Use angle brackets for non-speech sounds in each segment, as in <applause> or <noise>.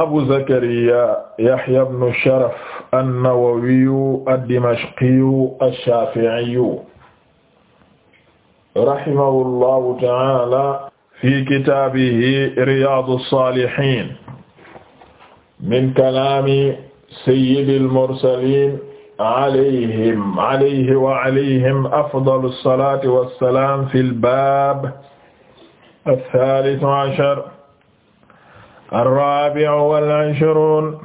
abu zakariya yahya ibnu sharaf annawawiyu addimashqiyu ashafiiyu rahimahullahu taala fi kitaabihi riyaadu saalihiin min kalaami sayyidil mursaliin alayhim alayhi wa alayhim afdalu salaati wa salaam fil baab as-saalis ashar الرابع والعشرون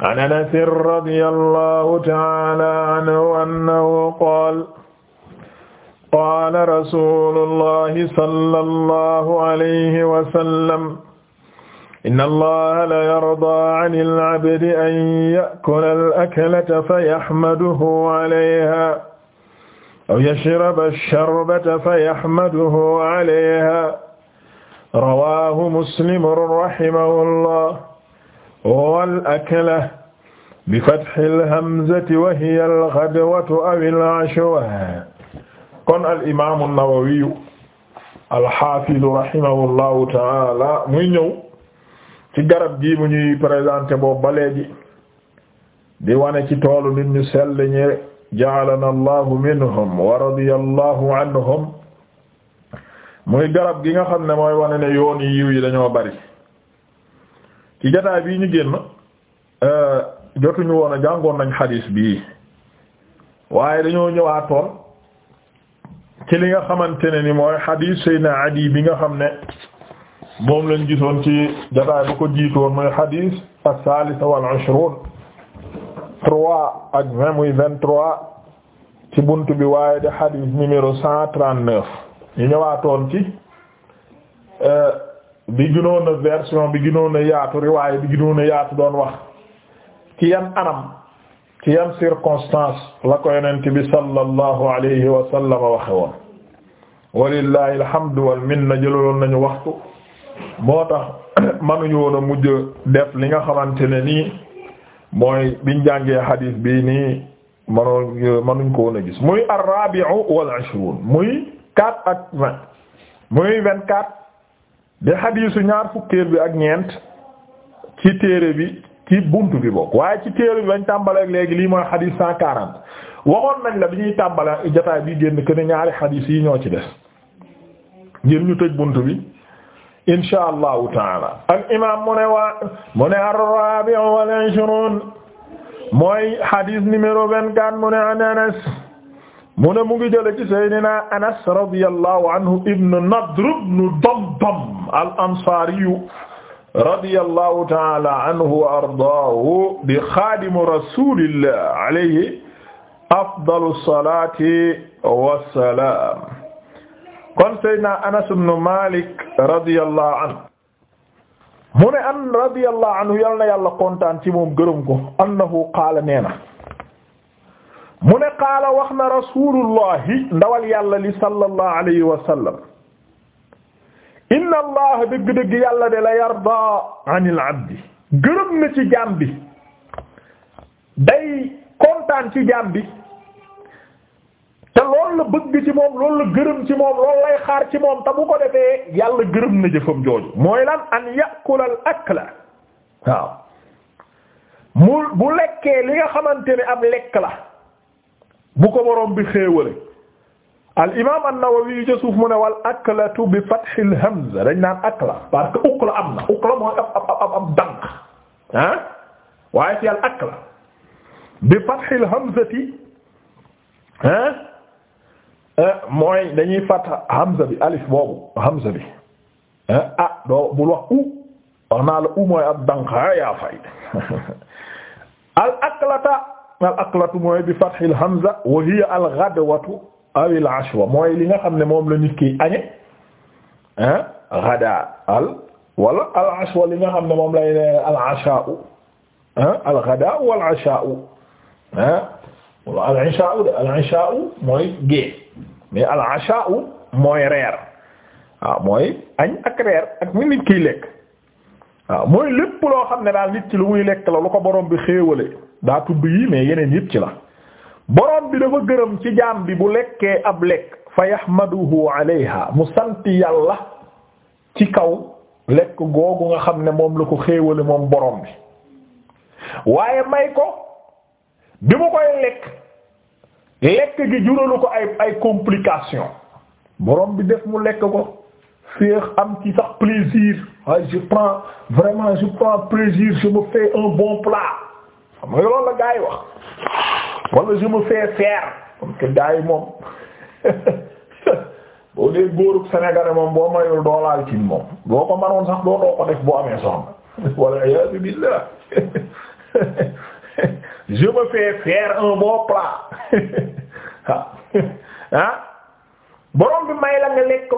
عن أنس رضي الله تعالى عنه أنه قال قال رسول الله صلى الله عليه وسلم إن الله ليرضى عن العبد أن يأكل الأكلة فيحمده عليها أو يشرب الشربة فيحمده عليها rawaahu muslim rahimahullah wal akla bi fathil hamzati wa hiya al ghadwatu aw al ashwa kon al imaamu nawawiyu al haafidu rahimahullahu taala muy ñëw ci garab gi mu ñuy présenté boobu ba léegi di wane ci toolu nit ñu sell ñi ja'alana allahu minhum wa radiyallahu anhum muy garab gi nga xam ne mooy wane ne yoon yi yiw yi dañoo bari ci jotaay bii ñu génn euh, jotuñu woon a jàngoon nañ xadiis bii waaye dañoo ñëwaatoon ci li nga xamante ne ni mooy xadiis Seydina Adi bi nga xam ne moom lañ gisoon ci jotaay bu ko jiitoon mooy xadiis as-salisa wal ishrun trois ak vingt trois ci bunt bi waaye di xadiis numéro cent trente-neuf ñu ñëwaatoon ci euh, bi gënoon a version bi gënoon a yaatu riwaay bi gënoon yaatu doon wax ci yan anam ci yan circonstance la ko yonent bi sallallahu alayhi wa sallam waxe woon walillahi alhamdu wal minna jëlaloon nañu waxtu moo tax <clears throat> manuñu woon a mujj def li nga xamante ne nii mooy biñ jàngee xadiis bi nii manoo manuñ ko woon gis muy ar wal muy 4 ak 20 muy 24 di xadiisu ñaar fukkeel bi ak ñeent ci téere bi ci buntu bi bokk waaye ci téere bi bañ tàmbaleeg léegi lii mooy xadiis 140 waxoon nañ la bi ñuy tàmbale jotaay bi génn que ne ñaari xadiis yi ñoo ci des ngir ñu tëj bunt bi insha allahu taala al imam mu ne mu ne ar-rabi' wal 'ishrun mooy xadiis numéro 24 mu ne an mu ne mu ngi jële ci Seydina Anas radiyallahu anhu ibn Nadr ibn Damdam al-Ansari radiyallahu ta'ala anhu wa ardaahu di xaadimu rasulillah alayhi afdalu salaati wa salaam kon Seydina Anas ibn Malik radiyallahu anhu mu ne an radiyallahu anhu yal na yàlla kontaan ci moom gërëm ko annahu qaala nee na mu ne qaala wax na rasulullahi ndawal yàlla li sallallahu alayhi wa sallam inna allah dëgg-dëgg yàlla de la yarda anil abdi gërëm na ci jaam bi day kontaan ci jaam bi te loolu la bëgg ci moom loolu la gërëm ci moom loolu lay xaar ci moom te bu ko defee yàlla gërëm na jëfam jooju mooy lan an yakula al akla waaw mu bu lekkee li nga xamante ne am lekk la bu ko borom bi xéewale al imaam an-Nawawi yu ca suuf mu ne wal aklatu bi fathil hamza dañ naan akla parce que ukla am na ukla mooy ab ab ab ab dànk ah waaye ci al akla bi fathil hamzati ah eh, mooy dañuy fat hamza bi alif boobu hamza bi eh, ah doo bul wax u wax naa la u mooy ab dànk ah yaa fay <laughs> al aklata al aqlatu mooy bi fathil hamza wa hiya al ghadwatu aw al ashwa mooy li nga xam ne moom la nit ki añe ah ghadaa al wala al ashwa li nga xam ne moom la ne al ashaa ah al ghadaa wal ashaa ah al ishaa al ishaa mooy gée mais al ashaa mooy reer waaw mooy añ ak reer ak mi nit lekk waaw mooy lépp loo xam ne daal nit ci lu muy lekk la lu ko borom bi xéewale daa tudd yii mais yeneen yëpp ci la borom bi dafa gërëm ci jaam bi bu lekkee ab lekk fa yahmaduhu alayha mu sant yàlla ci kaw lekk googu nga xam ne moom la ko xéewale moom boroom bi waaye may ko bi mu koy lekk lekk gi juralu ko ay ay complication borom bi def mu lekk ko féex am ci sax plaisir waaye je prends vraiment je prends plaisir je me fais un bon plat xam nga loolu la gaa yi wax wala je me fais faire comme que moom <laughs> boo dee góorug sénégalais moom boo mayul doolaal cin moom boo ko manoon sax doo doo ko def boo amee soxna <laughs> wala iyaazu billah <laughs> je me fais faire un bon plat ah borom bi may la nga lekk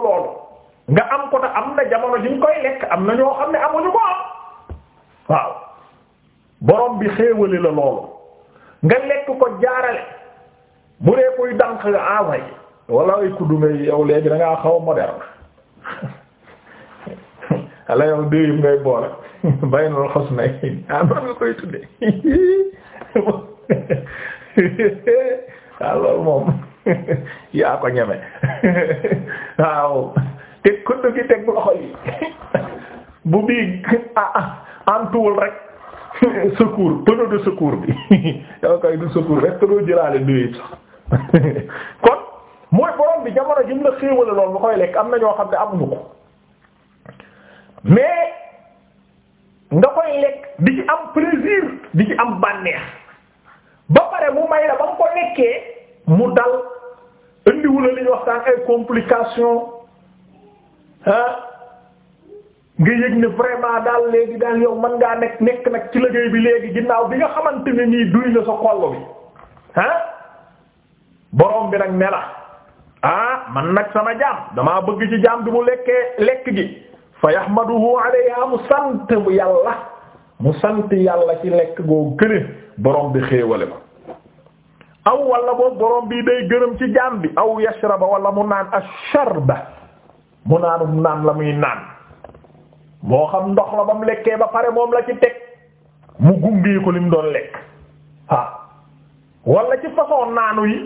nga am ko te am na jamono ji ñu koy am na ñoo xam ne amuñu ko am waaw. borom bi xéewale la loolu nga lekk ko jaarale bu dee koy dànq nga envoyé ah wala ay kuddu ngay yow léegi da ngaa xaw a moderne <laughs> ala yow déw yim ngay boole bàyyi na la xos na ah noonu koy tuddee waaw <laughs> ah, loolu moom <laughs> yaa ko ñeme waaw te kuddu gi teg loxo yi bu bii ah, ah antuwul rek. <laughs> secours pneu de secours bi <laughs> yow kay du secours est doo jëlaale nuyu sax <laughs> kon mooy borom bi jamono jëm la xéewale lool nga koy lekk am na ñoo xam ne amuñu ko mais nga koy lekk di ci am plaisir di ci am bànneex ba pare mu may la ba nga ko lekkee mu dal indiwula li ñu waxtaan ay complication ah nga yëg ne vraiment daal léegi daal yow mën ngaa nekk nekk nag ci liggéey bi léegi ginnaaw bi nga xamante ne nii duy na sa xollo bi ah borom bi nag ne la ah, man nag sama jaam damaa bëgg ci jaam bi mu lekkee lekk gi fa yahmaduhu alayha mu sant yàlla mu sant yàlla ci lekk goo gëne borom bi xéewale ma aw wala boobu borom bi day gërëm ci jaam bi aw yashraba wala mu naan asharba mu naanum naan la muy naan boo xam ndox la ba mu lekkee ba pare moom la ci teg mu gungee ko lim doon lekk waaw ah wala ci façon naanu yi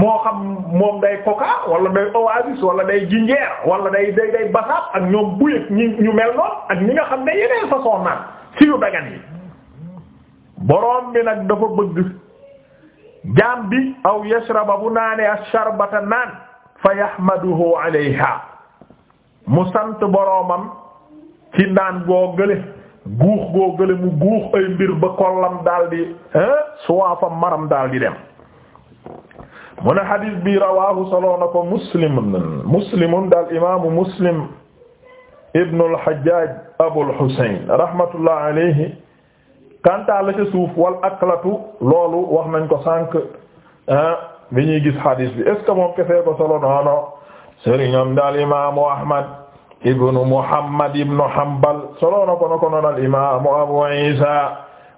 moo xam moom day coca wala day oasis wala day ginger wala day day basaab ak ñoom buyëg ñi ñu mel noonu ak ñi nga xam ne yeneen façon naan si yu dagan yi boroom bi nag dafa bëgg jaam bi aw yashraba bu naanee asharbata naan fa yahmaduhu alayha mu sant boroomam ci ndaan goo gële guux goo gële mu guux ay mbir ba kollam daldi suwaafam maram daldi dem mu ne bi rawaahu soloo muslim muslimun daal imaamu muslim ibnu al-Hajjaj Abul Husayn rahmatullah alayhi kantaa la ca wal aklatu loolu wax nañ ko sànq bi ñuy gis bi est ce que moom kefee ko solo noono Ahmad ibnu Muhammad ibnu Hanbal solo na ko na ko noon al imaamu Abu Isa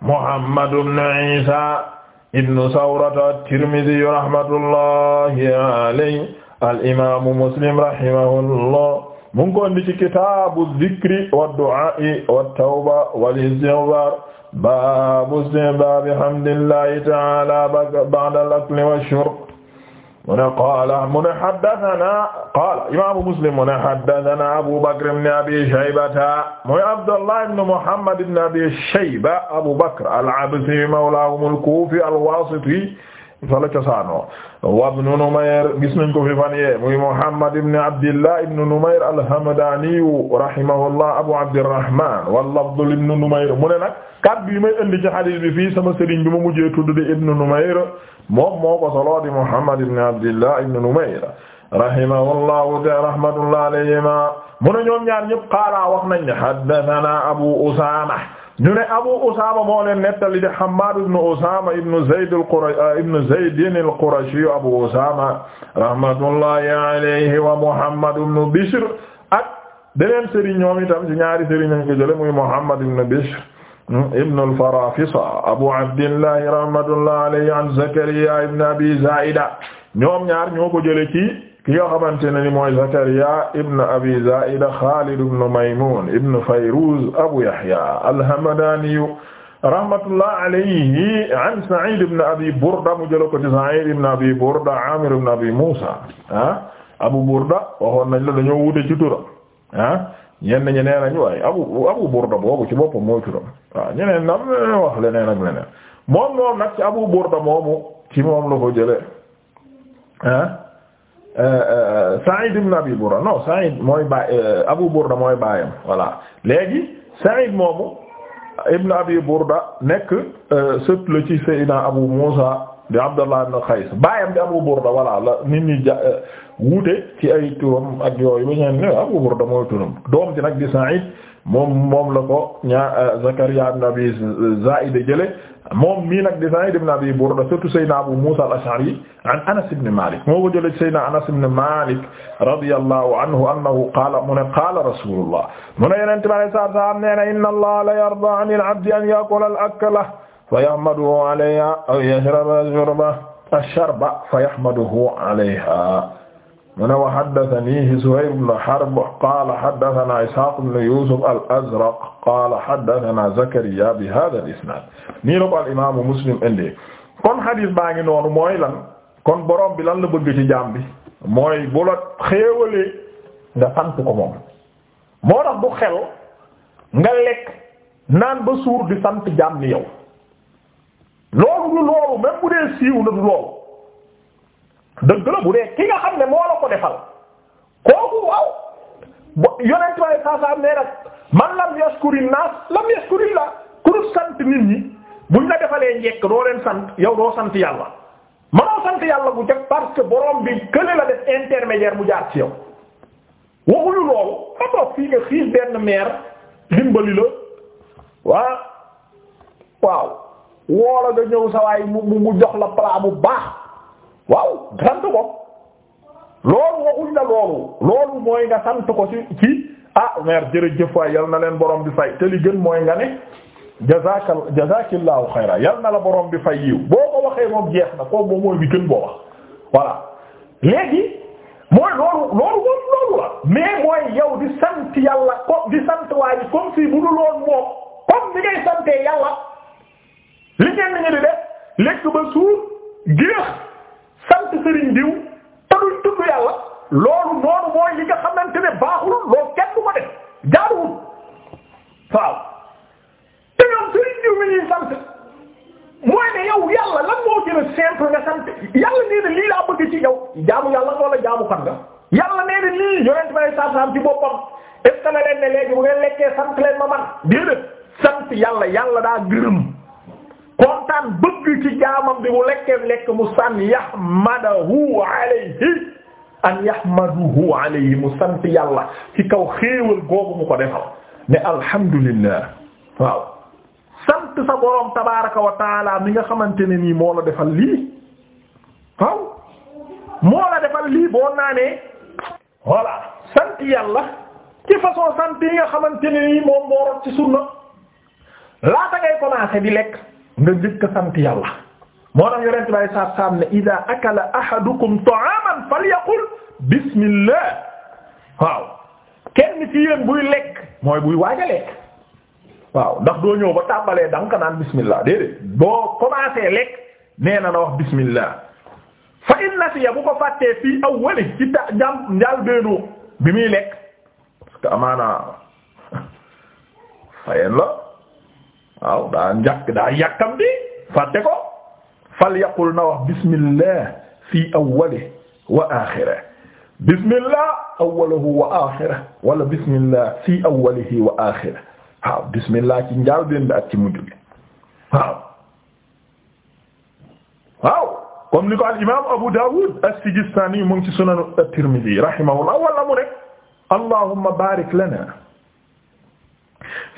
Muhammad ibnu Isa ibnu Sawrata at-Tirmidhi rahmatullahi alayhi al imaamu Muslim rahimahullah mu ngi ko indi ci kitaabu zikri wad-du'aa'i wat-tawba wal-istighfaar baabu istihbaabi hamdillahi ta'aala ba'da al-akli wash-shurb mu ne qaala mu ne haddathana qaala imaamu Muslim mu ne haddathana Abu Bakr ibn Abi Shaybata mooy Abdullah ibn Muhammad ibn Abi Shayba Abu Bakr al-Absi mawlaahum al-Kufi al-Wasiti fa la cosaanoo wabnu Numayr gis nañ ko fi fan yee muy Muhammad ibn Abdillah ibn Numayr al-Hamdani rahimahullah Abu Abdirrahman wal lafdu ibn Numayr mu ne nag kaddu yi may indi ci hadith bi fii sama sëriñ bi ma mujjee tudd di ibn Numayr moom moo ko solo di Muhammad ibn Abdillah ibn Numayr rahimahullahu rahmatullahi alayhima mu ne ñoom ñaar ñëpp qaala wax nañ haddathana Abu Usama ñu ne Abu Usaama moo leen nettali di Hammaad ibn Usaama ibn Zayd al-Qurashi ah, ibn Zayd al-Qurashi Abu wa Muhammad ibn Bishr ak beneen sëriñ ñoom itam ci ñaari sëriñ Muhammad ibn Bishr hmm, Abu Abdillah rahmatullahi alayhi an Zakariya ibn Abi Zaida ñoom ñaar ñoo ki nga xamante ne ni mooy Zakariya ibn Abi Zaida Xaalid ibn Maymun ibn Fayruz Abu Yahya al-Hamdani rahmatullah alayhi an Sa'id ibn Abi Burda mu jël ko ci Sa'id ibn Abi Burda Amir ibn Abi Musa ah, Abu Burda waxoon nañ la dañoo wute ci turam ah ñenn ñi nee nañu waaye Abu Abu Burda boobu ci boppam mooy turam waaw ñeneen nam wax leneen ak leneen moom moom nag ci Abu Burda moomu ci moom la ko jëlee ah Sa'id ibn Abi Burda non Sa'id mooy baay euh, Abu Burda mooy baayam voilà léegi Sa'id moomu ibn Abi Burda nekk euh, sët la ci Seydina Abu Muusa di Abdallah ibn Qays baayam di Abu Burda voilà la nit ñi ja euh, wuute ci ay turam ak yooyu ba ñu ne Abu Burda mooy turam doom ji nag di Sa'id moom moom la ko ñaa euh, Zakariya ibn Abi Zaida jële moom mii nag di Zaid ibn Abi Burda surtout Seydina Abu Musa al-Ash'ari an Anas ibn Malik moo ko jële ci Seydina Anas ibn Malik radiyallahu anhu annahu qaala mu ne qaala rasulullah mu ne yenente bi alei saatu salaam nee na inna allaha la yarda 'an al-'abdi an ya'kula al-akla fa yahmaduhu 'alayha aw yashraba ash-sharba fa yahmaduhu 'alayha mu ne wa haddathanii Suhayb Harb qaala Ishaaq ibn Yuusuf al-Azraq qaala haddathanaa Zakariyaa bi haadha al-isnaad nii la ko al imaamu Muslim kon hadith baa ngi noonu mooy lan kon borom bi lan la bëgg ci jaam bi mooy bu la xéewalee nga sant ko moom moo tax bu nga lekk naan ba suur di sant jaam ni loolu du loolu même bu dee siiw na du loolu. dëgg la bu dee ki nga xam ne moo la ko defal kooku waaw yonent waaye saa saa nee nag man lam yashkurin naas lam yashkurin la ku dul sant nit ñi buñ la defalee njekk doo leen sant yow doo sant yàlla manoo sant yàlla bu njëkk parce que borom bi kële la def intermédiaire mu jaar ci yow waxuñu loolu ba toog fii nga xiif benn meer dimbali la waa waaw woola nga ñëw sa mu mu jox la plat bu baax waaw sant ko loolu waxuñ la loolu loolu mooy nga sant ko ci ci ah mère jërëjëf waay yal na leen borom bi fay te li gën mooy nga ne jazaka jazakillahu xayra yal na la borom bi fay yiw boo ko waxee moom jeex na kooku moom mooy bi gën boo wax léegi mooy loolu loolu moom loolu la mais mooy yow di sant yàlla ko di sant waaye comme si bu dul woon moom comme ni ngay santee yàlla li ngeen ni ñu di def lekk ba suur géex sant sëriñ diw te duñ loolu noonu mooy li nga xamante loolu kenn du ko def jaaduwul waaw te ñoom diw mi ñuy sant mooy ne yow yàlla lan moo gën a simple nga sant yàlla nee na lii laa bëgg ci yow jaamu yàlla wala jaamu kan nga yàlla nee na lii yonent may saasaam ci boppam est-ce que leen ne léegi bu ngeen lekkee sant leen ma man déedéet sant yàlla yàlla daa gërëm kontaan bëgg ci jaamam bi mu lekkee lekk mu san yahmadahu alayhi an yahmaduhu alayhi mu sant yàlla ci kaw xéewal googu mu ko defal ne alhamdulillah waaw sant sa tabaraka wa mi nga xamante ne nii moo defal lii waaw moo defal lii boo naanee voilà sant yàlla ci façon sant yi nga xamante ne nii moom moo ci sunna laata ngay commencer di lekk nga njëkk a sant moo tax yonent saab saab ne ida akala ahadukum ta'aman falyaqul bismillah waaw kenn ci yéen buy lekk mooy buy waaj lekk waaw ndax doo ñëw ba tàmbalee da nga ko naan bismillah déedéet boo commencé lekk nee na wax bismillah fa in nasiya bu ko fàttee fii awwali ci da jam njaal beenu bi muy lekk parce que amaana <laughs> fayeen la waaw daa njàkk daa yàkkam di fàtte ko fal yaqul na wax bismillah fi awwalihi wa axirihi bismillah awwaluhu wa axirihi wala bismillah fi awwalihi wa axirihi waaw bismillah ci njaal benn bi ak ci mujj bi waaw waaw comme ni ko al imam Abu Dawud as-Sijistani mu ngi ci sunan at-Tirmidhi rahimahullah wala mu ne allahumma barik lana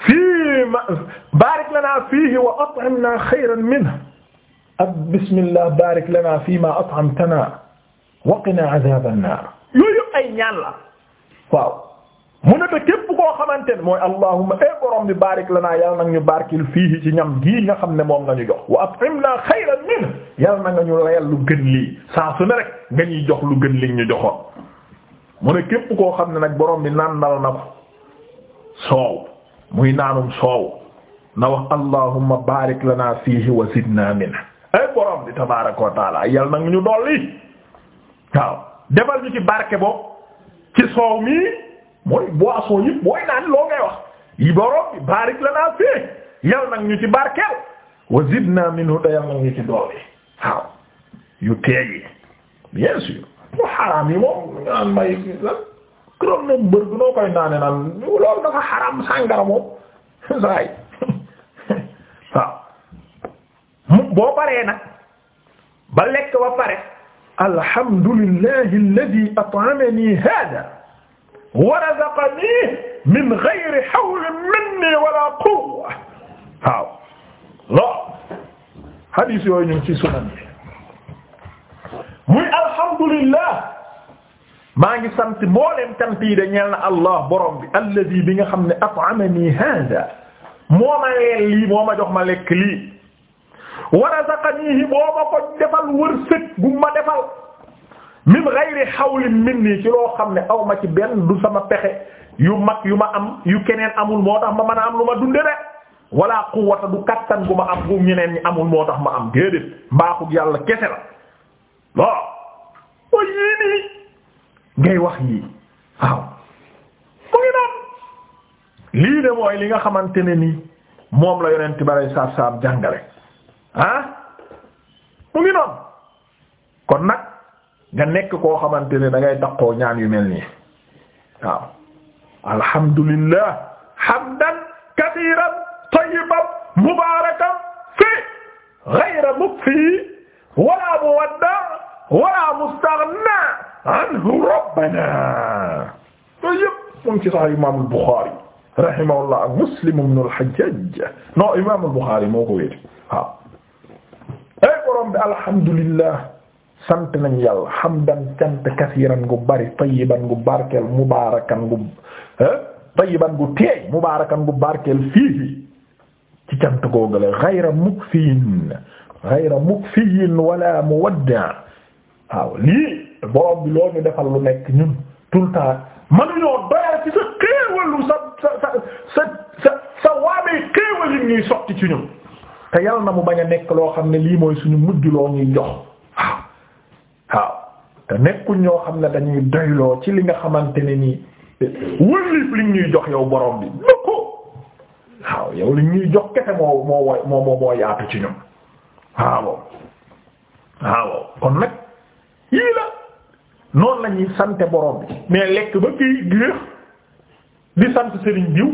fii ma baarik lanaa fiihi wa at'imnaa xayran minhu ak bismillah baarik lanaa fiimaa at'amtanaa wa qinaa azaaban naar yooyu yëpp ay ñaan la waaw mu ne te képp koo xamante ne mooy allahumma ee eh, borom bi baarik lanaa yal na ñu barkil fiihi ci ñam gii nga xam ne moom nga ñu jox wa at'imnaa xayran minhu yal na nga ñu layal lu gën lii saa su ne rek nga ñuy jox lu gën li ñu joxoon mu ne képp koo xam ne nag borom bi nandal na ko soow muy naanum soow na wax allahumma barik lana fiihi wa zidna minhu ay borom bi tabaaraka wa taala yal na ñu dolli waaw defal ñu ci barke boobu ci soow mi mooy boisson yëpp mooy naan loo ngay wax yi borom bi barik lana fiihi yal na ñu ci barkeel wa zidna minhu te yal na ñu ci dolli waaw yu teey yi bien sûr mu xaraam naan may lan kuréel moom mbër bi noo koy naane naan loolu dafa xaram sàngara moom <laughs> saa yi <laughs> waaw boo paree nag ba lekk ba pare alhamdulillahi alladhi at'amani hada wa razaqani min ghayri hawlin minni wala quwwa waaw lo hadith yooyu ñu ci sunan bi muy alhamdulillah maa ngi sant mbooleem cant yi de ñeel na Allah borom bi alladi bi nga xam ne at'amani hada moo ma leel lii moo ma jox ma lekk lii wa razaqanihi moo ma ko defal wërsëg bu ma defal min ghayri hawlin minni ci loo xam ne awma ci benn du sama pexe yu mag yu ma am yu keneen amul moo tax ma mën a am lu ma dunde de wala quwwata du kattan gu ma am bu ñeneen ñi amul moo tax ma am déedéet mbaaxul yàlla kese la waaw ngay wax yii waaw mu ngi noonu lii de mooy li nga xamante ne nii moom la yonent bare saab saab jàngale ah mu ngi noonu kon nag nga nekk koo xamante ne da ngay daqoo ñaan yu mel nii waaw alhamdulillah hamdan kathiran tayyiban mubarakan fi ghayra mukfi wala muwadda wala mustaghna anhu rabbana to yëpp mu ngi ci sax imam al-Bukhari rahimahullah ak Muslim ibn al-Hajjaj non imam al-Bukhari moo ko wéete waaw ay borom bi alhamdulillah sant nañ yàlla hamdan cant kasiiran gu bari tayyiban gu barkeel mubaarakan gu eh, tayyiban gu teey mubaarakan gu barkeel fiihi ci cant googu la ghayra mukfiyin ghayra mukfiyin wala muwadda waaw lii borom bi loo ñu defal lu nekk ñun tout le temps ci sa xéewalu sa sa sa sa sa sa waamee ñuy sotti ci ñun te yal na mu bañ a nekk loo xam ne lii mooy suñu mujj loo ñuy jox waaw waaw te nekkuñ ñoo xam ne dañuy doyloo ci li nga xamante ne nii wëlif li ñuy jox yow borom bi lu ko waaw yow li ñuy jox kese moo moo yaatu ci ñun waaw waaw kon nag yii la noonu la ñuy sante borom bi mais lekk ba kii géex di sant Serigne diw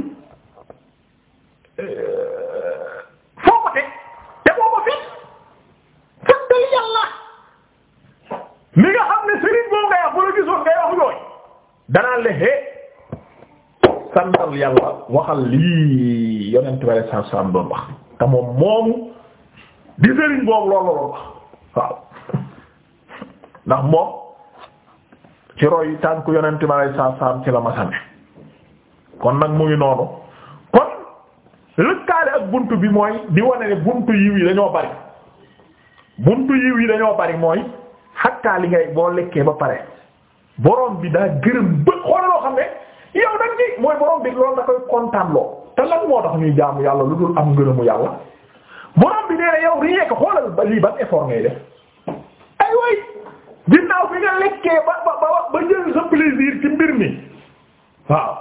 euh, foo te boo ko fi santal yàlla mi nga xam ne Serigne boo ngay wax ba gisoon ngay wax danaa lexee santal yàlla waxal lii yonent bi sallallahu alayhi wasallam doon te moom moomu di Serigne boobu loolu la waaw ndax moom ci roy tànk yonent ma lay saa saam ci la ma kon nag muy noonu kon lëkkaale ak bunt bi mooy di wane ne buntu yiw yi dañoo bari buntu yiw yi dañoo bari mooy xattaa li ngay boo lekkee ba pare borom bi daa gërëm ba xooloo xam ne yow nag mooy borom bi loolu da koy kontaan loo te lan moo tax ñuy jaamu yàlla lu dul am ngërëmu yàlla borom bi nee na yow riñeek xoolal ba lii ban effort ngay def ay way ginnaaw bi nga lekkee ba ba waaw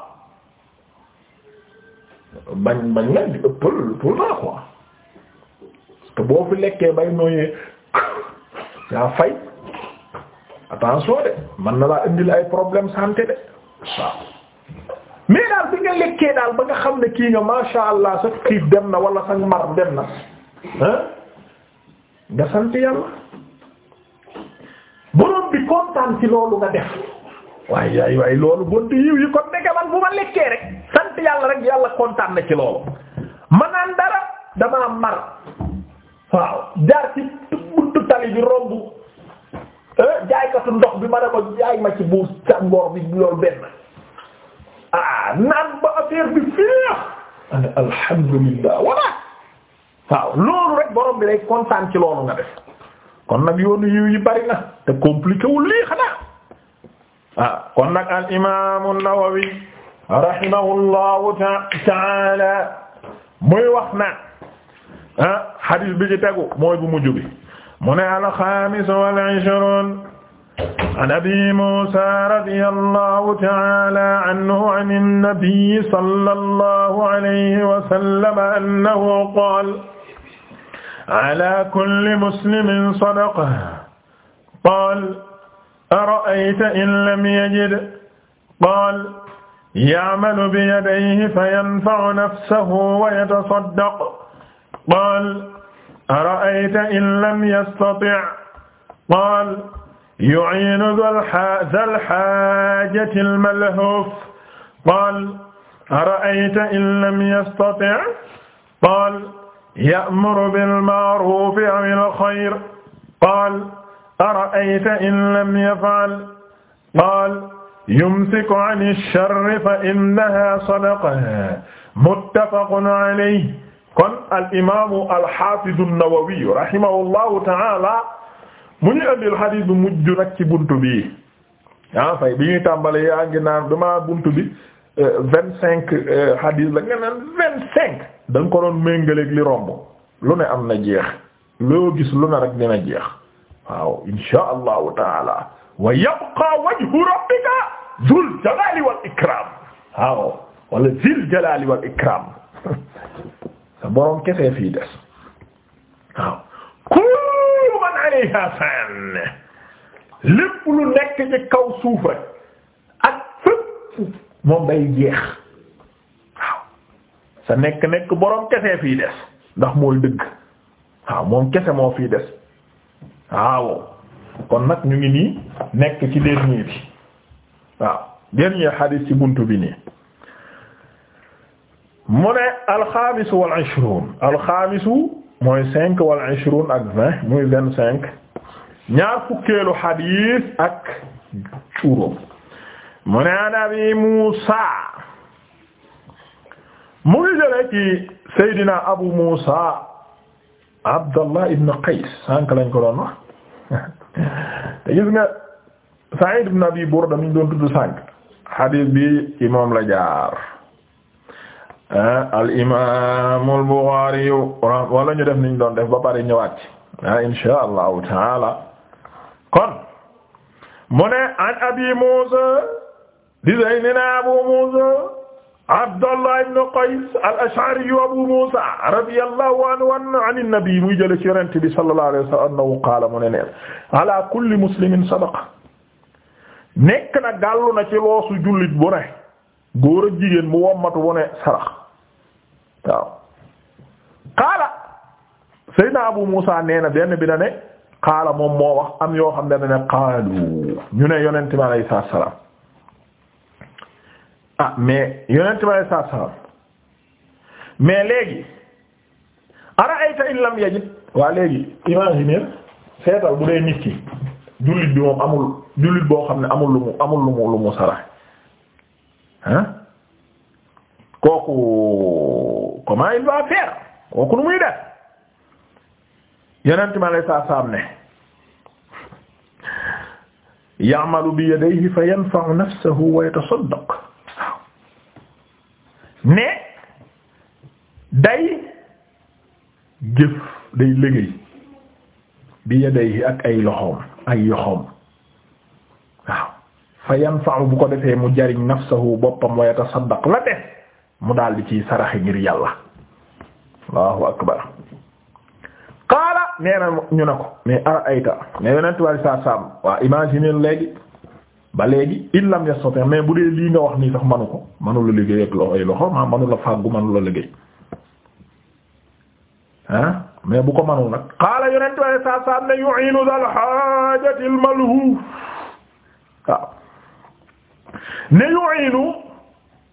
bañ bañ la di ëppal tout le temps quoi boo fi lekkee bay nooyee yaa fay attention de man na laa indil ay problème santé de waaw mais daal bi nga lekkee daal ba nga xam ne kii nga masha allah sa xiif dem na wala sa mar dem na ah nga sant yàlla borom bi kontaan ci loolu nga def waaye waaye loolu bont yiw yi kon ndeke man bu ma lekkee rek sant yàlla rek yàlla kontaan na ci loolu ma naan dara damaa mar waaw jaar ci buntu tali bi romb eh, jaaykatu ndox bi ma ne jaay ma ci bu sàngoor bi loolu benn ah naan ba affaire bi fiix ana alhamdulillah wala waaw loolu rek borom bi lay kontaan ci loolu nga def kon nag yoonu yiw yi bari na te compliqué wul lii xanaa ah kon nag al imam an-Nawawi rahimahullahu ta'ala muy wax na ah hadith bi ci tegu mooy bu mujj bi mu ne al-khamis wal ishrun an abi Musa radiyallahu ta'ala anhu an an-nabi sallallahu alayhi wa sallam annahu qala ala kulli muslimin sadaqa qala ara'ayta in lam yajid qaala ya'malu bi yadayhi fayanfa'u nafsahu wa yatasaddaq qaala ara'ayta in lam yastati' qaala yu'iinu dhal haajati al-malhuuf qaala ara'ayta in lam yastati' qaala ya'muru bil ma'ruufi aw al-khayr qaala ara'ayta in lam yaf'al qaala yumsiku 'ani ash-sharri fa innaha sadaqa muttafaqun 'alayhi kon al-imaamu al-haafiz an-Nawawi rahimahullahu ta'ala mu ñu ëndil xadiis bu mujj nag ci buntu bi yaa fay bi ñuy tàmbale yaa ngi naan dama buntu bi euh, vingt cinq euh, xadiis la nga naan vingt cinq da nga ko doon méngaleeg li romb lu ne am na jeex loo gis lu ne rek dina jeex waaw insha allahu taala wa yabqa wajhu rabbika zul jalali wal ikram waaw wala zil jalali wal ikram <laughs> sa boroom kese fii des waaw kullu man alayha fan lépp lu nekk ci kaw suuf rek ak fépp moom day jeex waaw sa nekk nekk boroom kese fii des ndax mooy dëgg waaw moom kese moo fii des waaw kon nag ñu ngi nii nekk ci dernier bi waaw dernier xadiis ci buntu bi nii mu ne alxaamisu wal alxaamisu mooy cinq wal ishruun ak vingt muy vingt cinq ñaar fukkeelu xadiis ak juróom mu ne an Muusa mu ngi jëlee ci Seydina Abu Muusa Abdallah ibn Qays sànq lañ ko doon wax te gis nga Sa'id ibn Abi Burda mi ñu doon tudd sànq xadiis bi ci moom la jaar ah, al imaam al Buxaari wala ñu def niñ doon def ba pare ñëwaat ah insha allahu taala kon mu ne Abi Muusa di Seydina Abu Muusa Abdallah ibn Qays al-Ash'ari Abu Musa radiyallahu anhu an an-nabi muy jële ci yonent bi sallallahu alayhi wa sallam annahu qaala mu ne neen ala kulli muslimin sadaqa nekk na gàllu na ci loosu jullit bu ne góor ak jigéen mu wommatu bu ne sarax waaw qaala Seydina Abu Musa nee na benn bi na ne qaala moom moo wax am yoo xam ne ne qaalu ñu ne yonent bi alayhi salaam ah mais yonent bi alayhi salaatu mais léegi ara'ayta in lam yajid waa léegi imaginer seetal bu dee nit ki bi moom amul jullit boo xam ne amul lu mu amul lu mu lu mu sarax ah kooku comment il va faire kooku nu muy def yonent bi alayhi salaatu salaam ne ya'malu bi yadayhi fa yanfa'u nafsahu wa yatasaddaq ne day jëf day liggéey bi yadayhi ak ay loxoom ay yoxoom waaw fa yanfa'u bu ko defee mu jariñ nafsahu boppam wa yatasaddaq la def mu daal di ciy saraxe ngir yàlla allahu akbar qaala nee na ñu ne ko mais ara ayta mais yonent bi sallallahu alayhi waa imagine léegi ba léegi il lam yastati mais bu dee lii nga wax nii sax manu ko manu la liggéey ak loxo ay loxo maa manu la fàggu manu la liggéey ah mais bu ko manul nag xaala yonent waaye saa saa ne yu'inu dal xaajati malhuuf waaw ne yu'inu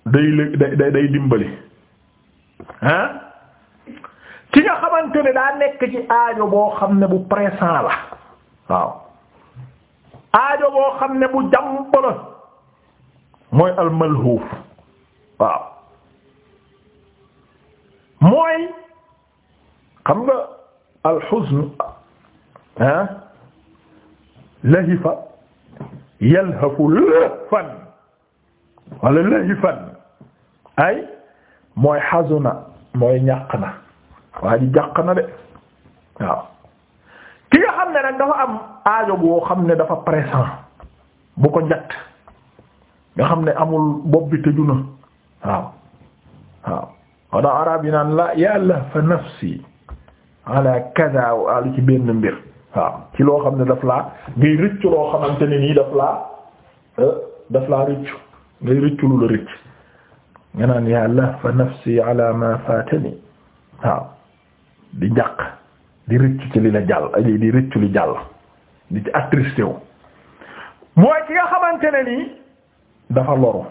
day day day dimbali ah ki nga xamante ne daa nekk ci aajo boo xam ne bu pressant la waaw aajo boo xam ne bu jàmp la mooy almalhuuf waaw mooy xam nga alxuzn ah lahifa yalhafu lahfan wala lahifan ay mooy xazuna mooy ñàq na waa ji ki nga ne nag dafa am aajo boo xam ne dafa pressant bu ko njatt nga xam ne amul bopp bi tëju na waaw waaw wada arab yi naan la yàlla fa nafsi ala kaza alu ci benn mbir waaw ci loo xam ne daf laa ngay rëccu loo ne nii daf laa euh, daf laa rëccu rëcc nga naan yàlla fa nafsi ala ma faatani waaw di njàq di rëccu ci li la jàll di rëccu li jàll di ci attristé wu mooy ki nga xamante ne nii dafa loru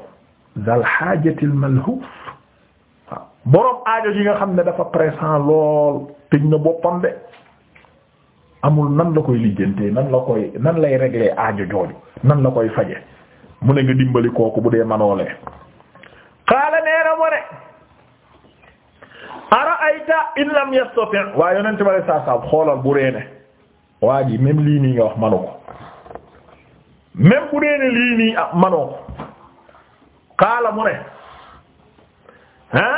dal xaajatil malhuuf boroom aajo yi nga xam ne dafa pressant lool tëj na boppam de amul nan la koy lijjantee nan la koy nan lay régler aajo jooju nan la koy faje mu ne nga dimbali kooku bu dee manoolee xaala neena mu ne ara ayta in lam yastati waa yonent ba saa saab xoolal bu reene waa jii même lii nii nga wax manu ko même bu dee ne lii nii ah manoo ko xaala mu ne ah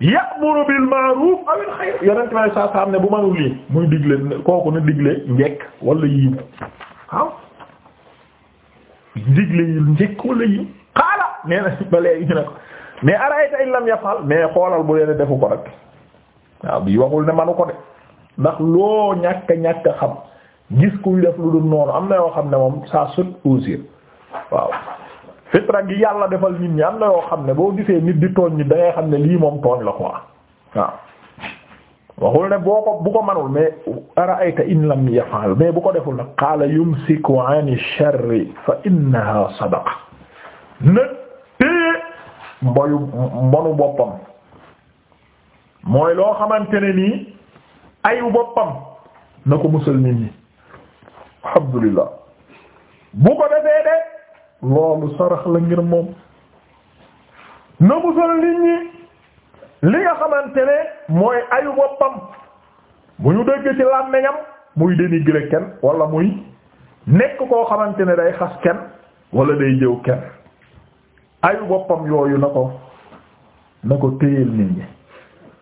ya'muru bil ma'ruf aw al yonent bi am ne bu manul lii muy digle kooku na digle njekk wala yiw waaw digle yi njekk wala yiw xaala nee na ba léegi ñu ne ko mais arayta in lam yafal mais xoolal bu dee ne defu ko rek waaw bii waxul ne manu ko de ndax loo ñàkk ñàkk xam gis kuy def lu dul noonu am na yoo xam ne moom saa saute aux waaw fitra gi yàlla defal nit ñi am na yoo xam ne boo gisee nit di tooñ nit da xam ne lii moom tooñ la quoi waaw waxul ne boo ko bu ko manul mais ara'ayta in lam yafal mais bu ko deful nag qala yumsiku ani sharri fa innaha sadaqa na téye mboyu mbonu boppam mooy loo xamante ne nii ayu boppam na ko musal nit ñi alhamdulillah bu ko defee de loolu sarax la ngir moom na musal nit ñi li nga xamante ne mooy ayu boppam bu ñu dégg ci làmmiñam muy dénigrer kenn wala muy nekk koo xamante ne day xas kenn walla day jëw kenn ayu boppam yooyu na ko na ko téyeel nit ñi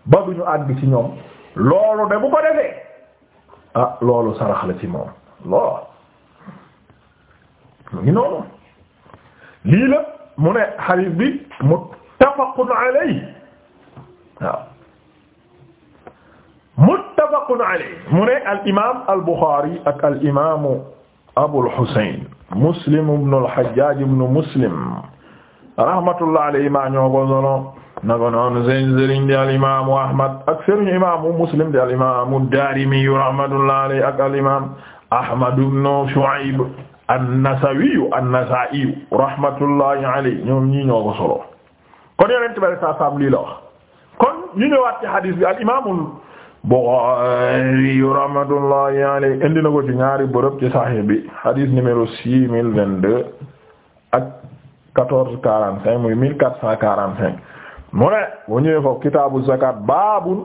ba duñu àgg ci ñoom loolu de bu ko defee ah loolu sarax la ci moom lool mu ngi noonu lii la mu ne xadiis bi muttafaqun alayhi waaw muttafaqun alayhi mu ne al imaam al buxaari ak al imaamu abul xusayn muslim ibnu al xajjaaj ibnu muslim rahmatullah alayhimaa ñoo ko solo naka noonu seen sëriñ di alimaamu Ahmad ak sëriñ imaamu Muslim di alimaamu Daarimi rahmatullahi alayhi ak alimaam Ahmad ibn Shu'ayb an-Nasawi an-Nasa'i rahmatullahi alayhi ñoom ñii ko solo kon Yonent bi saa saam lii la wax kon ñu ñëwaat ci hadis bi al-Imaam al-Bukhari rahmatullahi alayhi indi ko ci ñaari bërëb ci Sahih bi hadis numéro six mille vingt-deux ak quatorze quarante-cinq muy mille quatre cent quarante-cinq mu ne bu ñëwee foofu kitaabu zakat baabun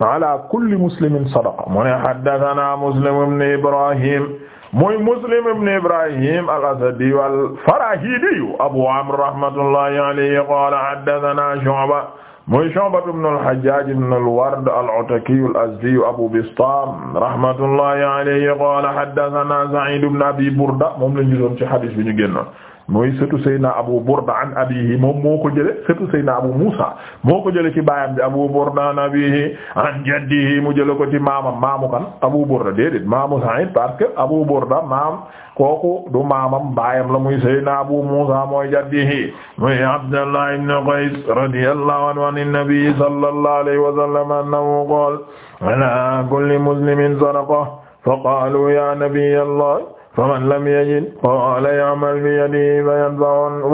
ala kulli muslimin sadaqa mu ne haddathana muslim ibn ibrahim mooy muslim ibn ibrahim al-asadi al-farahidi abu amr rahmatullahi alayhi qala haddathana shu'ba mooy shu'ba ibn al-hajjaj ibn al-ward al-ataki al-azdi abu bistam rahmatullahi alayhi qala haddathana sa'id ibn abi burda moom lañu gisoon ci hadith bi ñu génnoon mooy sëtu Seydina Abu Burda an abihi moom moo ko jële sëtu Seydina Abu Musa moo ko jële ci baayam bi Abu Burda an abihi an jaddihi mu jële ko ci maamam maamu kan Abu Burda déedéet maamu Sa'id parce que Abu Burda maam kooku du maamam baayam la muy Seydina Abu Musa mooy jaddihi muy Abdallah ibn Qays radiyallahu anhu an nabi sallallahu alayhi wa sallam annahu qala ala kulli muslimin sadaqa fa qalu ya nabiy Allah faman lam yajid qala ya'mal bi yadihi fa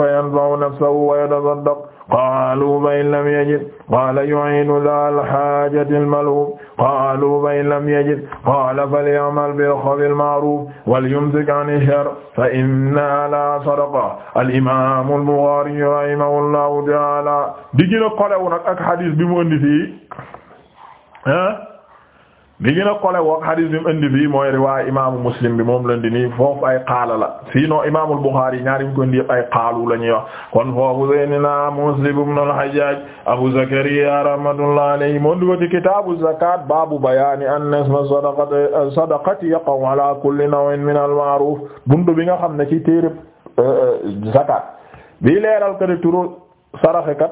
yanfa'u nafsahu wa yatasaddaq qalu fa in lam yajid qala yu'inu dha al-hajati al-malhum qalu fa in lam yajid qala falya'mal bil ma'ruf walyumsik 'an ash-sharr fa innaha la sadaqa al-imam al-Bukhari rahimahullahu ta'ala digina xalewu nag ak hadis bi mu indi fii ah, bi gën a kole woog hadis bi mu indi fii mooy riwaay imaamu muslim bi moom leen di nii foofu ay qaala la sinon imaamul buxaari ñaari ñu ko indi yëpp ay qaalu la ñuy wax kon foofu sayyidina muslim ibn al-hajjaj abu zakariya rahmatullahi alayhi moom di ko ci kitaabu zakat baabu bayaani anna isma sadaqati sadaqati yaqa'u ala kulli naw'in min al-ma'ruf buntu bi nga xam ne ci téere euh, zakat bi leeral ka ne turu saraxekat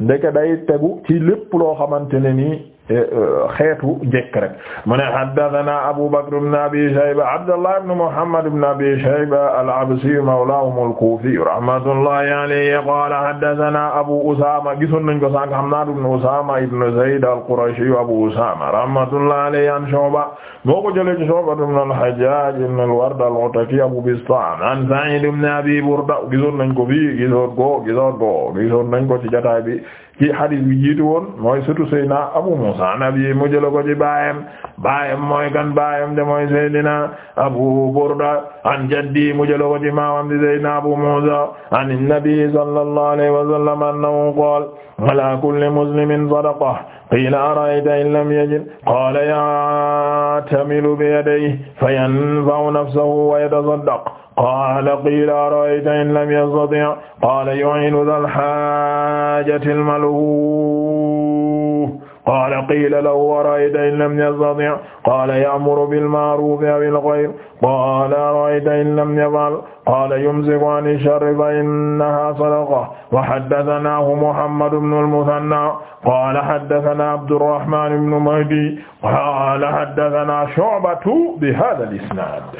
ndeke day tegu ci lépp loo xamante ne nii xeetu njëkk rek mu ne haddathana Abu Bakr ibn Abi Shayba Abdullah ibn Muhammad ibn Abi Shayba al-Absi mawlahum al-Kufi rahmatullahi alayhi qala haddathana Abu Usama gisoon nañ ko sànq Hammad ibn Usama ibn Zayd al-Qurashi Abu Usama rahmatullahi alayhi an Shu'ba moo ko jëlee ci Shu'ba ibn al-Hajjaj ibn al-Ward al-Ataki Abu Bistam an Sa'id ibn Abi Burda gisoon nañ ko fi gisoon ko gisoon ko gisoon nañ ko ci jotaay bi ci hadis bi jiitu woon mooy surtout Seydina Abu Musa nabi mu jël ko ci baayam baayam mooy kan baayam de mooy Seydina Abu Burda an jaddi mu jël ko ci maamam di Seydina Abu Musa an nabi sallallahu alayhi wa sallam annahu qaala ala kulli muslimin sadaqa qiila ara'ayta in lam yajid qaala ya'tamilu biyadayhi fayanfa'u nafsahu wa yatasaddaqu qaala qiila ara'ayta in lam yastati' qaala yu'inu dhal haajati al-malhuuf qaala qiila lahu ara'ayta in lam yastati' qaala ya'muru bil ma'ruufi wa bil khayri qaala ara'ayta in lam yaf'al qaala yumsiku 'ani sharri fa innahaa sadaqa wa haddathanaahu Muhammad ibn al-Muthanna qaala haddathanaa Abdurrahmaan ibn Mahdi qaala haddathanaa Shu'batu bi haadha al-isnaad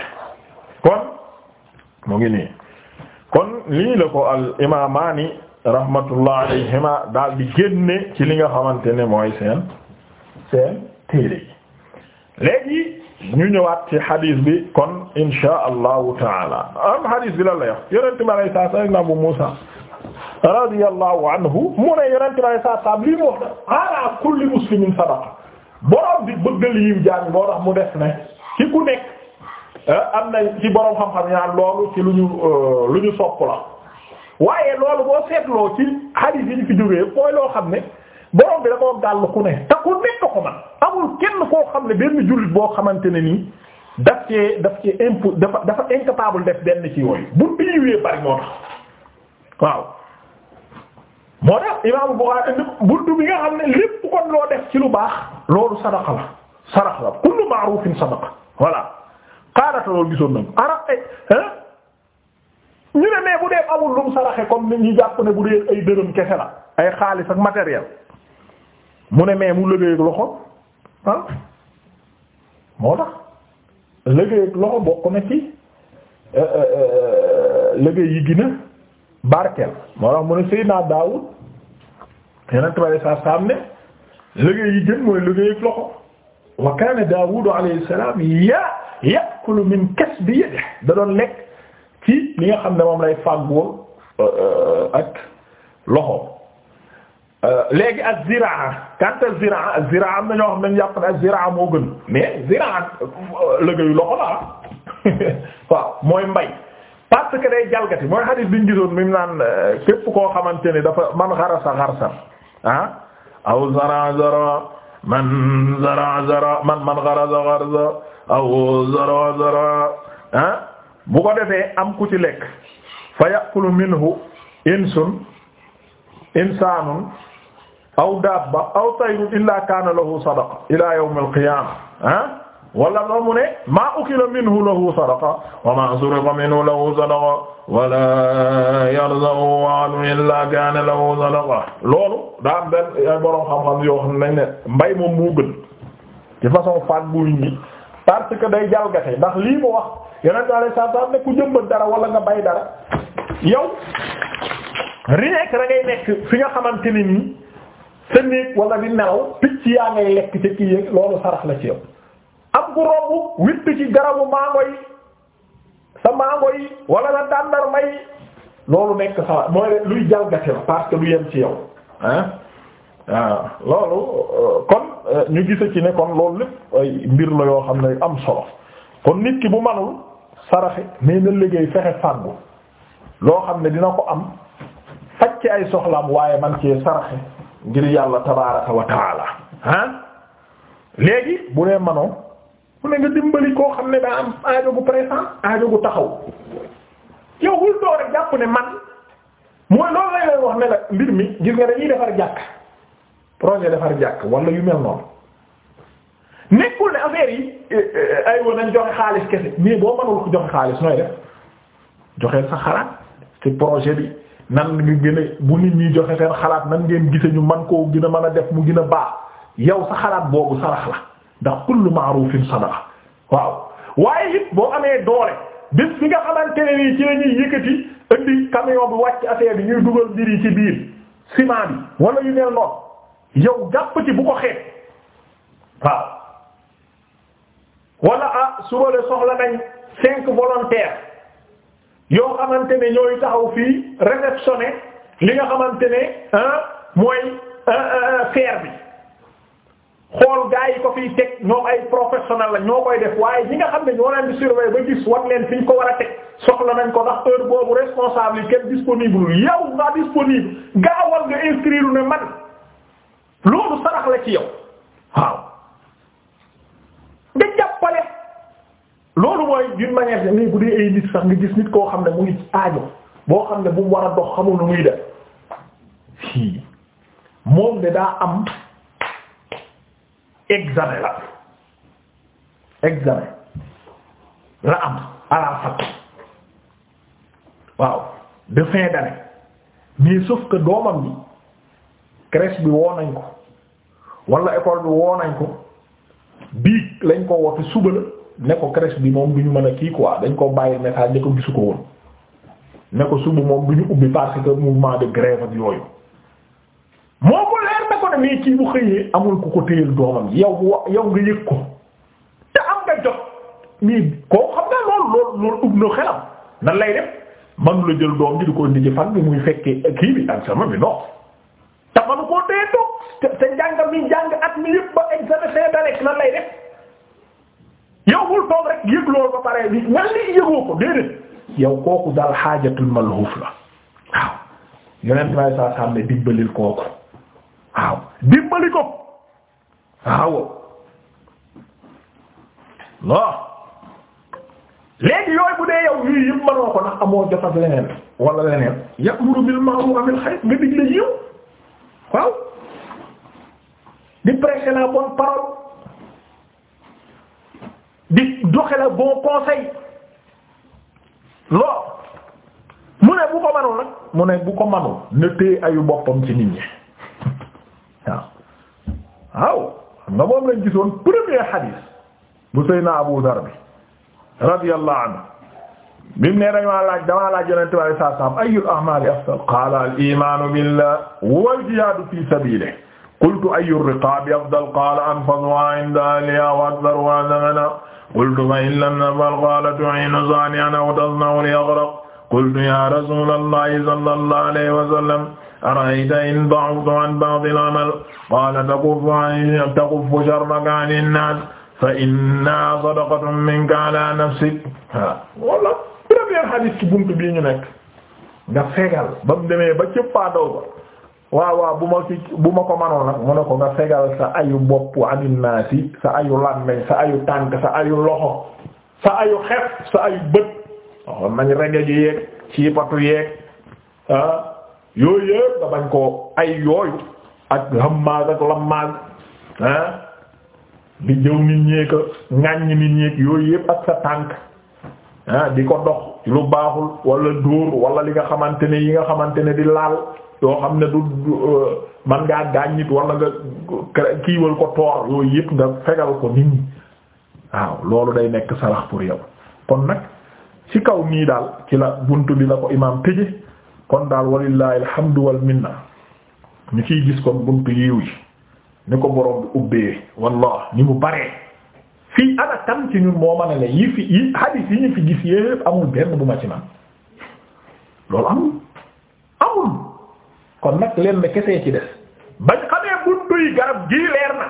kon mu ngi nii kon lii la ko al imaamaani rahmatullah alayhima daal di génne ci li nga xamante ne mooy seen seen téere yi léegi ñu ñëwaat ci hadith bi kon insha allahu taala am hadith bi lan la yox yonente bi alay saa salam Abu Musa radiyallahu anhu mu ne yonente bi alay saa salam lii mu wax ala kulli muslimin sadaqa borom bi bëggal yiw jaan boo tax mu def ne ci ku nekk eh, am na ci borom xam-xam ñaan loolu ci lu ñu eh, lu ñu sopp waaye loolu boo seetloo ci hadith yi ñu fi jógee mooy loo xam ne borom bi da koo gàll ku ne te ku nekk ko man amul kenn koo xam ne benn jullit boo xamante ne nii daf cee daf cee impu dafa dafa incapable def benn ci yooyu bu biiwee bari moo tax waaw. moo tax Imaam Bukhari buntu bi nga xam ne lépp kon loo def ci lu baax loolu sadaqa la sadaqa la kullu ma'rufin sadaqa voilà xaaral loolu gisoon nañu ara eh, eh? ñu ne mais bu dee amul lum saraxe comme ni ñu jàpp ne bu dee ay dërëm kese la ay xaalis ak matériel mu ne mais mu liggéey ak loxo ah moo tax liggéey ak loxo bokk na ci euh, euh, euh, liggéey yi gën a mooy liggéey ak loxo wa kaana Daawudu alayhi salaam ya ya'kulu min kasbi yadihi da doon lekk. ci li nga xam ne moom lay fàggoo euh, ak loxo euh, léegi ak ziraa quant à ziraa ak ziraa am na ñoo xam ne jàpp ne ziraa moo gën ziraa euh, liggéeyu loxo la <laughs> waaw mooy mbay parce que day jalgati mooy hadith bi ñu gisoon mi naan képp koo xamante ne dafa man xarasa xarsan ah aw zara zara man zara zara man man xarasa xarsa aw zara zara ah bu ko defee am ku ci lekk fa yaqulu minhu insun insanun aw dabba aw tayrun illa kaana lahu sadaqa ila yawm alqiyama ah wala loo mu ne maa ukila minhu lahu sadaqa wa ma suriqa minhu lahu sadaqa wala yarzahu waanu illa kaana lahu sadaqa loolu daa am benn boroom xam-xam yoo xam nañ ne mbay moom moo gën ci façon faat bu ñi parce que day jalgate ndax lii mu wax yonent alayhi salaam ne ku jëmbat dara wala nga bay dara yow ri nekk ngay nekk fi nga xamante ni nii sa néeg wala di nelaw picc yaa ngay lekk ca kii yëg loolu sarax la ci yow am ku romb witt ci garabu mango yi sa mango yi wala la dàndar may loolu nekk sa mooy luy jalgate la parce que du yem ci yow ah waaw loolu euh, ñu gisa ci ne loolu lépp mbir la yoo xam ne am solo kon nit ki bu manul saraxe mais liggéey fexe fàggu loo xam ne dina ko am faj ci ay soxlaam waaye man ci saraxe ngir yàlla tabaaraka wa taala léegi bu ne manoo mu ne nga dimbali koo xam ne daa am aajo bu présent aajo bu taxaw yow wul doo rek jàpp ne man mooy loolu lay leen wax ne mbir mi gis nga dañuy defar jàkk projet defar jàkk wala yu mel noonu nekkul ne affaire yi eh, eh, ay woon nañ joxe xaalis kese mais boo mënul ko joxe xaalis nooy def joxeel sa xalaat ci projet bi nan nga gën a bu nit ñi joxe seen xalaat nan ngeen gise ñu man koo gën a mën a def mu gin a baax yow sa xalaat boobu sarax la ndax kullu ma'rufin sadaqa waaw waaye it boo amee doole bis bi nga xamante ne nii ci la ñuy yëkkati indi camion bi wàcc affaire bi ñuy dugal mbir yi ci biir ciment bi wala yu mel yow jàpp ci bu ko xeet waaw wala ah suba de soxla nañ cinq volontaires yoo xamante ne ñooy taxaw fii réceptionner li nga xamante ne ah mooy ah, ah, faire bi xool gaa yi ko fiy teg ñoom ay professionnel la ñoo koy def waaye ñi nga xam ne ñoo leen di surveiller ba gis wan leen fi ko war a teg soxla nañ ko ndax heure boobu responsable yi kenn disponible yow nga disponible gaawal nga inscrire ne man. loolu sarax la ci yow waaw nga jàppale loolu mooy d'une manière mais bu dee ay sax nga gis nit koo xam ne mu ngi aajo boo xam ne bu mu war a dox xamul nu muy def moom de daa am examen la examen la am à waaw de fin d'année mais sauf doomam bi crèche bi woo nañ ko wala école bi woo nañ ko bii lañ ko woote suba la ne ko crèche bi moom du ñu mën a kii quoi dañ ko bàyyi message ne ko gisu ko woon ne ko suba moom du ñu ubbi parce que mouvement de grève ak yooyu moo ko leer ne ko ne mii kii bu xëyee amul ku ko téyel doomam yow yow nga yëg ko te am nga jot mii koo xam ne loolu loolu ub na xelam nan lay def man la jël doom ji di ko indi ji fan bi muy fekkee kii bi ak sama bi non te manu koo téye toog te te njàng mi njàng at mi yëpp ba examen fin rek nan lay def yow bul toog rek yëg loolu ba pare bi nga li yëgoo ko déedéet yow kooku daal xaajatul malhuuf la waaw yeneen may léegi yooyu bu dee yow yii yëpp mënoo ko ndax amoo jot ak leneen wala leneen ya'muru bil ma'ruf wa 'anil xayr nga digle yiw waaw di prêcher la bonne parole di joxe la bon conseil lool mu ne bu ko manul mu ne bu ko manul ne téye ayu boppam ci nit ñi <laughs> waaw waaw nga moom lañ gisoon premier hadith bu Seydina Abu Dar bi radiyallahu bi mu ne damaa laaj damaa laaj yonent bi sallallahu alayhi wa sallam ayyul a'maali afdal qaala al iimaanu billahi wal jihaadu fii sabiilihi qultu ayyu riqaabi afdal qaala anfaduhaa inda ahlihaa wa akdaruhaa thamanan qultu fa in lam taf'al qaala tu'iinu zaaniyan aw taznuhu liyaghraq qultu yaa rasuulallaahi sallallahu alayhi wa sallam ara'ayta in da'aftu an ba'dil amal qaala takuffu sharraka 'anin naas fa innahaa sadaqatun minka 'alaa nafsik premier hadith ci buntu bii ñu nekk nga fegal ba mu demee ba cëp paadaw ba waaw bu ma ci bu ma ko manoon nag mu a ko nga fegal sa ayu bopp anin naasi sa ayu làmmeñ sa ayu tànk sa ayu loxo sa ayu xef sa ayu bët waxoon nañ rege ji yeeg siipatu yeeg yooyu yëpp nga bañ koo ay yooyu ak hammaag ak lammaag ah di jëw nit ñeeka ŋàññ nit ñeek yooyu yëpp ak sa tànk ah di ko dox lu baaxul walla dóor wala li nga xamante ne yi nga xamante ne di laal yoo xam ne du euh, man ngaa gaañ nit wala nga kiiwal ko toor yooyu yëpp nga fegal ko nit ñi waaw loolu day nekk sarax pour yow kon nag ci kaw nii daal ci la bunt bi la ko imaam tëje kon daal walillahi alhamdu wal minna ñu ciy gis kon bunt yiw yi ni ko borom bi ubbee wallah ni mu baree fii ana tam ci ñun moo mën a ne yi fi yi hadith yi ñu fi gis yépp amul benn bu ma ci man loolu amul amul kon nag leen na kese ci des bañ xamee buntu yi garab gii leer na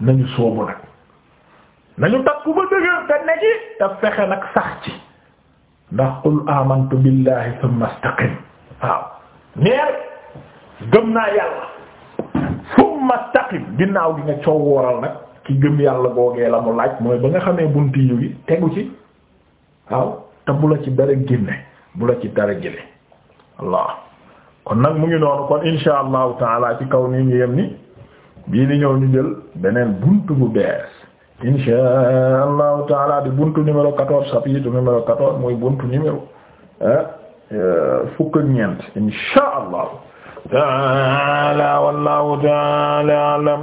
nañu soobu nag nañu takku ba dëgër te ne te fexe nag sax ci ndax qul amantu billahi thumma istaqim waaw neer gëm naa yàlla thumma istaqim ginnaaw gi nga coow wooral nag ki gëm yàlla googee la mu laaj mooy ba nga xamee bunt yiw yi tegu ci waaw te bu la ci dara génne bu la ci dara génne waaw kon nag mu ngi noonu kon insha allahu taala ci kaw nii ñu yem ni bii di ñëw ñu jël beneen bunt bu bees insha allahu taala di buntu numéro quatorze chapitre numéro quatorze muy buntu numéro eh, eh, fukk ak ñeent insha allahu taala wallahu taala alam